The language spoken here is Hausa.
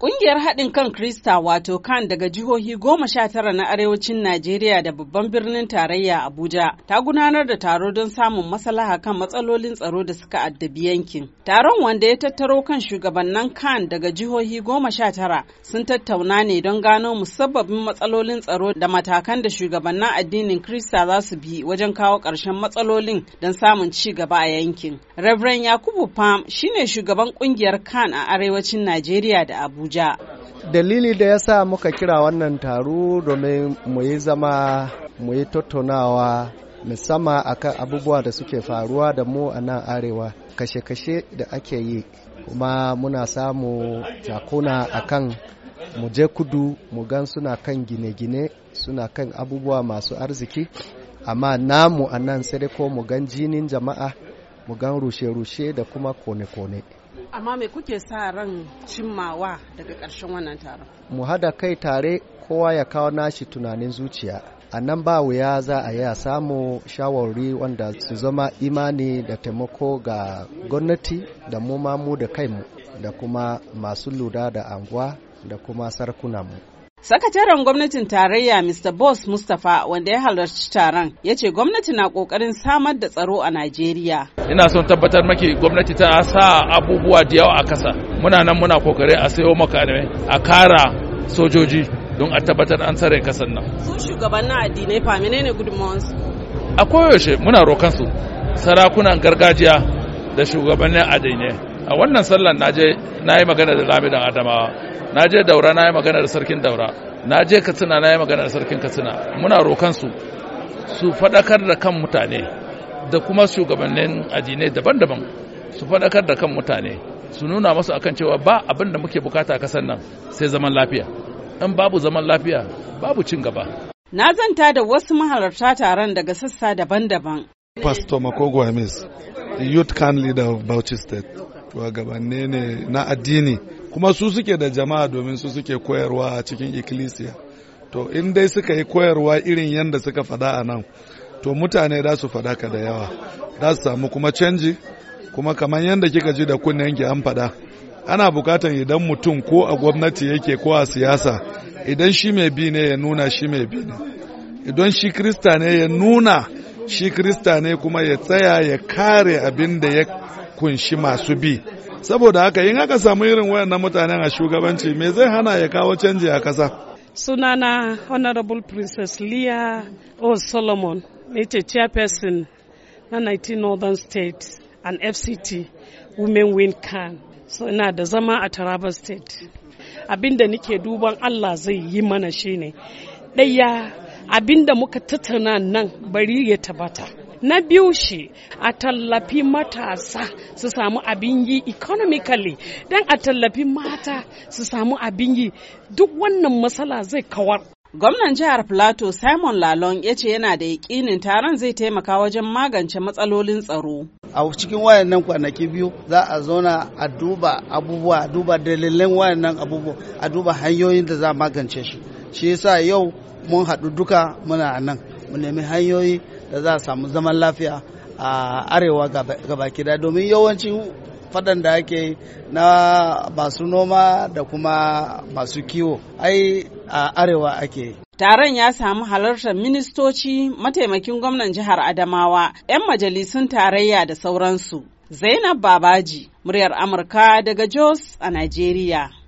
Ƙungiyar haɗin kan Krista wato kan daga jihohi goma sha tara na arewacin Najeriya da babban birnin tarayya Abuja ta gudanar da taro don samun maslaha kan matsalolin tsaro da suka addabi yankin. Taron wanda ya tattaro kan shugabannin kan daga jihohi goma sha tara sun tattauna ne don gano musabbabin matsalolin tsaro da matakan da shugabannin addinin Krista za su bi wajen kawo ƙarshen matsalolin don samun ci gaba a yankin. Reverend Yakubu Pam shine shugaban ƙungiyar kan a arewacin Najeriya da Abuja. Abuja. Dalili da ya sa muka kira wannan taro domin mu yi zama mu yi tattaunawa musamman akan abubuwa da suke faruwa da mu a nan arewa kashe-kashe da ake yi kuma muna samu jakuna akan mu je kudu mu gan suna kan gine-gine suna kan abubuwa masu arziki amma namu a nan sai ko mu gan jinin jama'a mu gan rushe-rushe da kuma kone-kone. amma me kuke sa ran cimmawa daga ƙarshen wannan taron mu hada kai tare kowa ya kawo nashi tunanin zuciya a nan ba wuya za a yi a samu shawarwari wanda su zama imani da taimako ga gwamnati da mu mu da kaimu da kuma masu lura da anguwa da kuma mu. Sakataren gwamnatin tarayya Mr. Boss Mustapha wanda ya halarci taron ya ce gwamnati na kokarin samar da tsaro a Najeriya. Ina son tabbatar maki gwamnati ta sa abubuwa da yawa a kasa. Muna nan muna kokari a sayo makamai a kara sojoji don a tabbatar an tsare kasan nan. Su shugabannin addinai fa menene gudunmawansu? A koyaushe muna rokan su sarakunan gargajiya da shugabannin addinai a wannan sallan na je na yi magana da lamidan adamawa na je daura na yi magana da sarkin daura na je katsina na yi magana da sarkin katsina muna rokan su su faɗakar da kan mutane da kuma shugabannin addinai daban-daban su faɗakar da kan mutane su nuna masu akan cewa ba abin da muke bukata a kasan nan sai zaman lafiya in babu zaman lafiya babu cin gaba na zanta da wasu mahalarta taron daga sassa daban-daban pastor makogo hamis youth can leader of bauchi state gabanne ne na addini kuma su suke da jama'a domin su suke koyarwa a cikin ikkilisiya to in dai suka yi koyarwa irin yadda suka fada a nan to mutane za su fada ka da yawa za su samu kuma canji kuma kamar yadda kika ji da kunnen ki an fada ana bukatan idan mutum ko a gwamnati yake ko a siyasa idan shi mai bi ne ya nuna shi mai bi ne idan shi krista ne ya nuna shi Krista ne kuma ya tsaya ya kare abin da ya kunshi masu bi. Saboda haka in aka samu irin wayannan mutane a shugabanci me zai hana ya kawo canji a ƙasa? Sunana Honorable Princess Leah O. Solomon, ce chairperson na 19 Northern States and FCT Women Win Can. So da zama a Taraba State. Abin da nike duban Allah zai yi mana shine. Ɗaya abinda muka tattauna nan bari ya tabbata na biyu shi a tallafi matasa su samu abin yi economically don a tallafi mata su samu abin yi duk wannan matsala zai kawar Gwamnan jihar Plateau Simon Lalon ya ce yana da yakinin taron zai taimaka wajen magance matsalolin tsaro. A cikin wayannan kwanaki biyu za a zauna a duba abubuwa, a duba dalilan wayannan abubuwa, a duba hanyoyin da za a magance shi. Shi yasa yau mun haɗu duka muna nan mu nemi hanyoyi da za a samu zaman lafiya a arewa gabaki da domin yawanci fadan da ake na masu noma da kuma masu kiwo ai a arewa ake Taron ya samu halartar ministoci, mataimakin gwamnan jihar Adamawa, 'yan majalisun tarayya da sauransu. Zainab Babaji, muryar Amurka daga Jos a Najeriya.